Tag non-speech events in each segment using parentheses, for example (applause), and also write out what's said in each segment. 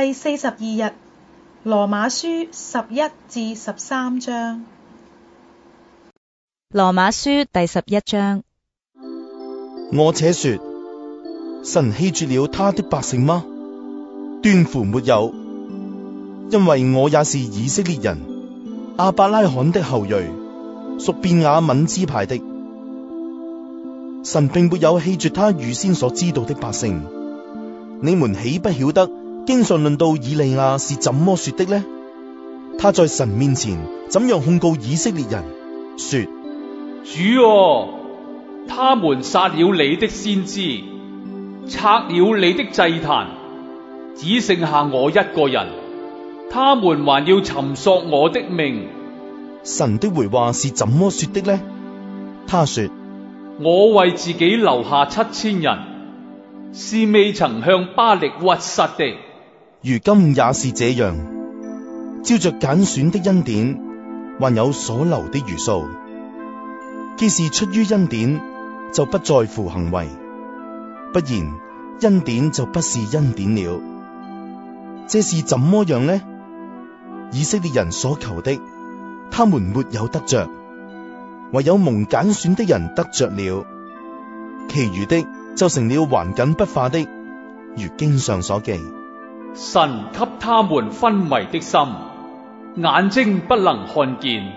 第四十二日，羅馬書十一至十三章。羅馬書第十一章。 (noise) 我且說，神棄絕了他的百姓嗎？斷乎沒有，因為我也是以色列人，亞伯拉罕的後裔，屬便雅憫支派的。神並沒有棄絕他預先所知道的百姓，你們豈不曉得？經常論到以利亞是怎麼說的呢？他在神面前怎樣控告以色列人？說：主，哦，他們殺了你的先知，拆了你的祭壇，只剩下我一個人。他們還要尋索我的命。神的回話是怎麼說的呢？他說：我為自己留下七千人，是未曾向巴力屈膝的。如今也是這樣，照着揀選的恩典，還有所留的餘數，既是出於恩典，就不在乎行為；不然，恩典就不是恩典了。這是怎麼樣呢？以色列人所求的，他們沒有得着，唯有蒙揀選的人得着了，其餘的就成了頑梗不化的，如經上所記。神給他們昏迷的心，眼睛不能看見，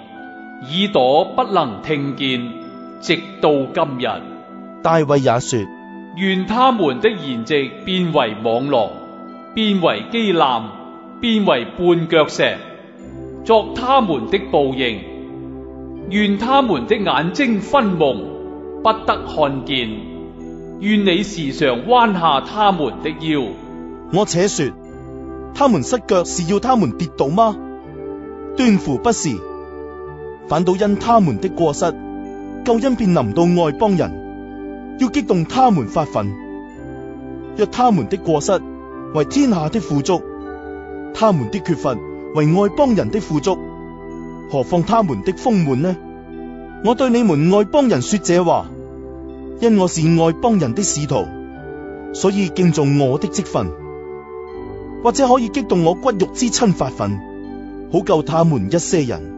耳朵不能聽見，直到今日，大衛也說：願他們的筵席變為網羅，變為機檻，變為絆腳石，作他們的報應。願他們的眼睛昏蒙，不得看見。願你時常彎下他們的腰。我且說。他們失腳是要他們跌倒嗎？斷乎不是，反倒因他們的過失，救恩便臨到外邦人，要激動他們發憤，若他們的過失為天下的富足，他們的缺乏為外邦人的富足，何況他們的豐滿呢？我對你們外邦人說這話，因我是外邦人的使徒，所以敬重我的職分。」或者可以激動我骨肉之親發憤，好救他們一些人。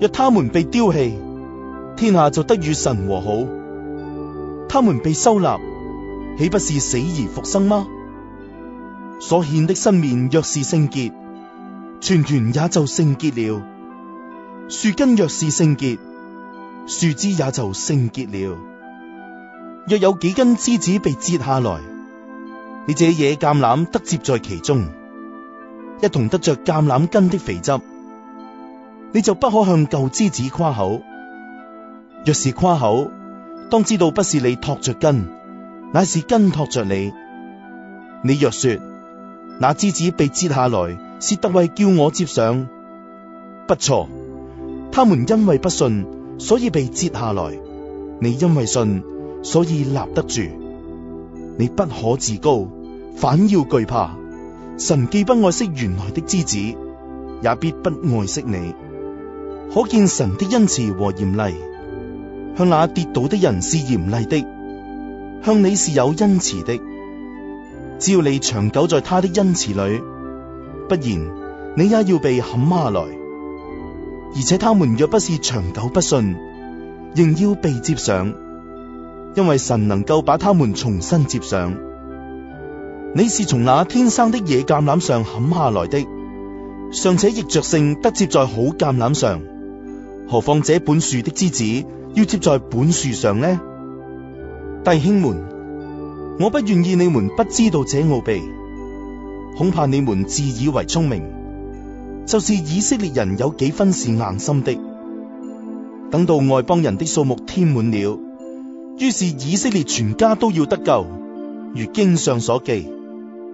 若他們被丟棄，天下就得與神和好；他們被收納，豈不是死而復生嗎？所獻的新麵若是聖潔，全團也就聖潔了。樹根若是聖潔，樹枝也就聖潔了。若有幾根枝子被折下來，你這野橄欖得接在其中，一同得着橄欖根的肥汁，你就不可向舊枝子誇口。若是誇口，當知道不是你托着根，乃是根托着你。你若說那枝子被折下來，是特為叫我接上，不錯。他們因為不信，所以被折下來；你因為信，所以立得住。你不可自高，反要懼怕。神既不愛惜原來的枝子，也必不愛惜你。可見神的恩慈和嚴厲，向那跌倒的人是嚴厲的，向你是有恩慈的。只要你長久在他的恩慈裏，不然你也要被砍下來。而且他們若不是長久不信，仍要被接上。因為神能夠把他們重新接上。你是從那天生的野橄欖上砍下來的，尚且逆着性得接在好橄欖上，何況這本樹的枝子要接在本樹上呢？弟兄們，我不願意你們不知道這奧秘，恐怕你們自以為聰明，就是以色列人有幾分是硬心的，等到外邦人的數目添滿了。於是以色列全家都要得救，如經上所記，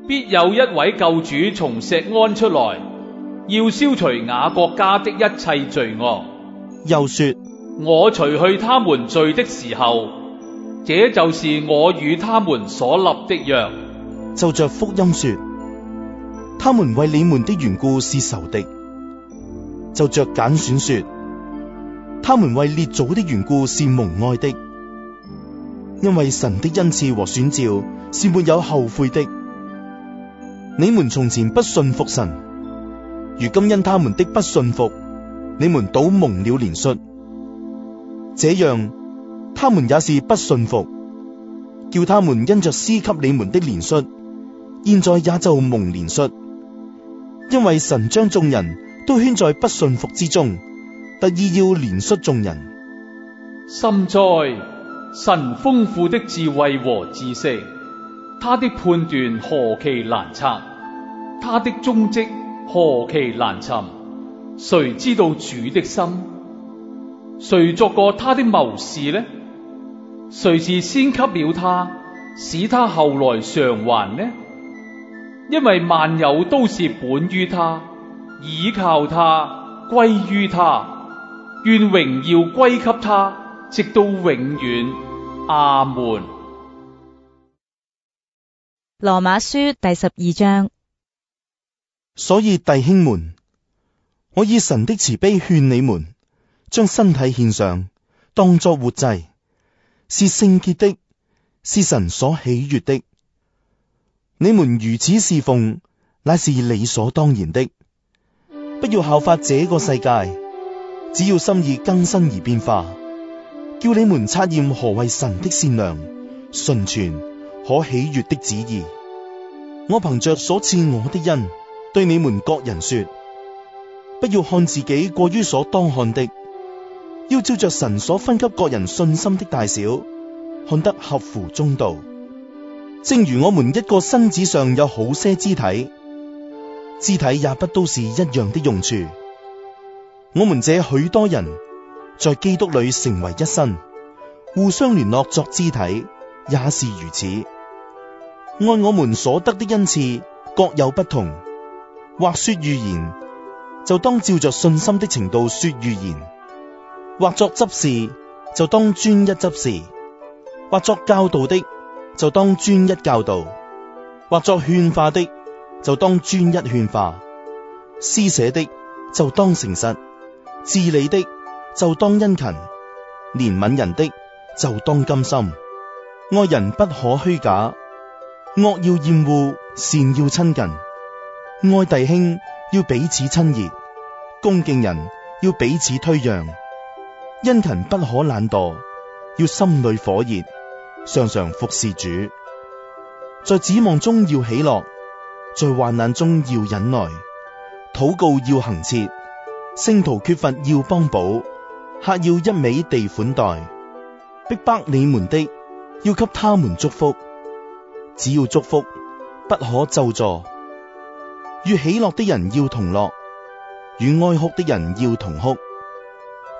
必有一位救主從錫安出來，要消除雅各家的一切罪惡。又說，我除去他們罪的時候，這就是我與他們所立的約。就着福音說，他們為你們的緣故是仇敵；就着揀選說，他們為列祖的緣故是蒙愛的。因為神的恩賜和選召是沒有後悔的。你們從前不信服神，如今因他們的不信服，你們倒蒙了憐恤。這樣，他們也是不信服，叫他們因着施給你們的憐恤，現在也就蒙憐恤。因為神將眾人都圈在不信服之中，特意要憐恤眾人。心災。神豐富的智慧和知識，他的判斷何其難測，他的蹤跡何其難尋。誰知道主的心？誰作過他的謀士呢？誰是先給了他，使他後來償還呢？因為萬有都是本於他，倚靠他，歸於他，願榮耀歸給他。直到永遠，阿門。羅馬書第十二章。所以弟兄們，我以神的慈悲勸你們，將身體獻上，當作活祭，是聖潔的，是神所喜悅的。你們如此侍奉，乃是理所當然的。不要效法這個世界，只要心意更新而變化。叫你們察驗何為神的善良、純全、可喜悅的旨意。我憑着所賜我的恩，對你們各人說：不要看自己過於所當看的，要照着神所分給各人信心的大小，看得合乎中道。正如我們一個身子上有好些肢體，肢體也不都是一樣的用處。我們這許多人。在基督裏成為一身，互相聯絡作肢體，也是如此。按我們所得的恩賜，各有不同。或說預言，就當照着信心的程度說預言；或作執事，就當專一執事；或作教導的，就當專一教導；或作勸化的，就當專一勸化；施捨的就當誠實，治理的。就當殷勤憐憫人的就當甘心。愛人不可虛假，惡要厭惡，善要親近。愛弟兄要彼此親熱，恭敬人要彼此推讓。殷勤不可懶惰，要心裡火熱，常常服侍主。在指望中要喜樂，在患難中要忍耐，禱告要恒切。聖徒缺乏要幫補。客要一味地款待，逼迫你們的要給他們祝福，只要祝福，不可咒詛。與喜樂的人要同樂，與哀哭的人要同哭，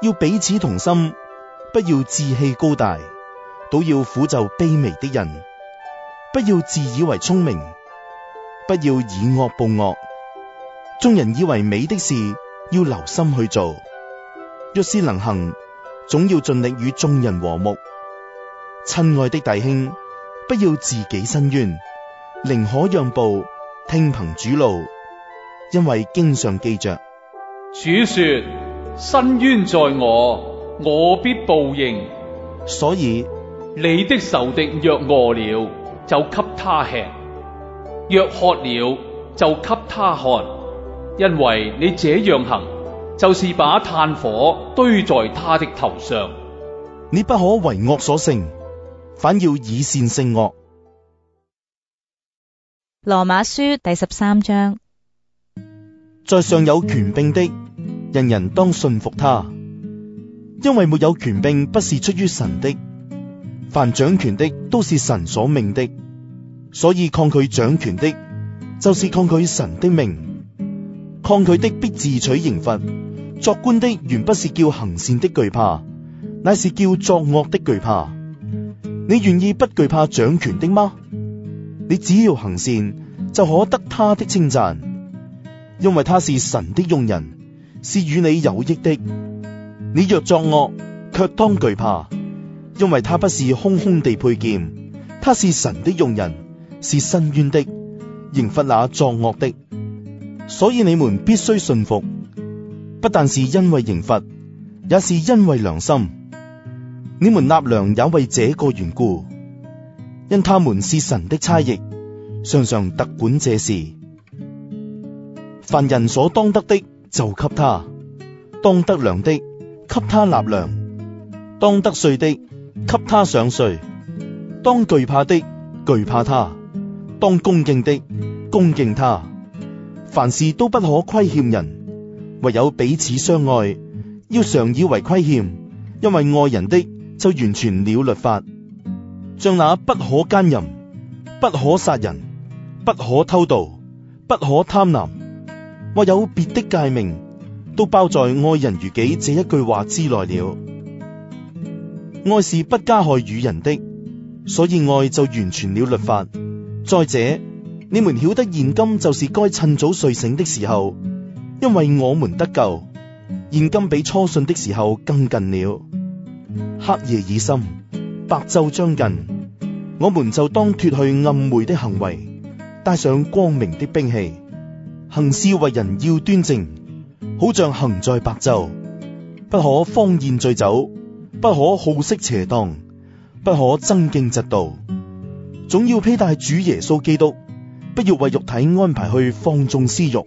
要彼此同心，不要志氣高大，倒要俯就卑微的人。不要自以為聰明，不要以惡報惡。眾人以為美的事，要留心去做。若是能行，總要盡力與眾人和睦。親愛的弟兄，不要自己申冤，寧可讓步，聽憑主怒，因為經上記着主說：申冤在我，我必報應。所以你的仇敵若餓了，就給他吃；若渴了，就給他喝。因為你這樣行。就是把炭火堆在他的頭上。你不可為惡所勝，反要以善勝惡。羅馬書第十三章：在上有權柄的，人人當信服他，因為沒有權柄不是出於神的。凡掌權的都是神所命的，所以抗拒掌權的，就是抗拒神的命。抗拒的必自取刑罰。作官的原不是叫行善的懼怕，乃是叫作惡的懼怕。你願意不懼怕掌權的嗎？你只要行善，就可得他的稱讚，因為他是神的用人，是與你有益的。你若作惡，卻當懼怕，因為他不是空空地佩劍，他是神的用人，是伸冤的，刑罰那作惡的。所以你們必須信服。不但是因為刑罰，也是因為良心。你們納糧也為這個緣故，因他們是神的差役，常常特管這事。凡人所當得的就給他，當得糧的給他納糧，當得稅的給他上稅，當懼怕的懼怕他，當恭敬的恭敬他，凡事都不可虧欠人。唯有彼此相愛，要常以為虧欠，因為愛人的就完全了律法，像那不可姦淫、不可殺人、不可偷盜、不可貪婪，或有別的誡命，都包在愛人如己這一句話之內了。愛是不加害與人的，所以愛就完全了律法。再者，你們曉得現今就是該趁早睡醒的時候。因為我們得救，現今比初信的時候更近了。黑夜已深，白晝將近，我們就當脫去暗昧的行為，帶上光明的兵器，行事為人要端正，好像行在白晝，不可荒宴醉酒，不可好色邪蕩，不可爭競嫉妒，總要披戴主耶穌基督，不要為肉體安排去放縱私欲。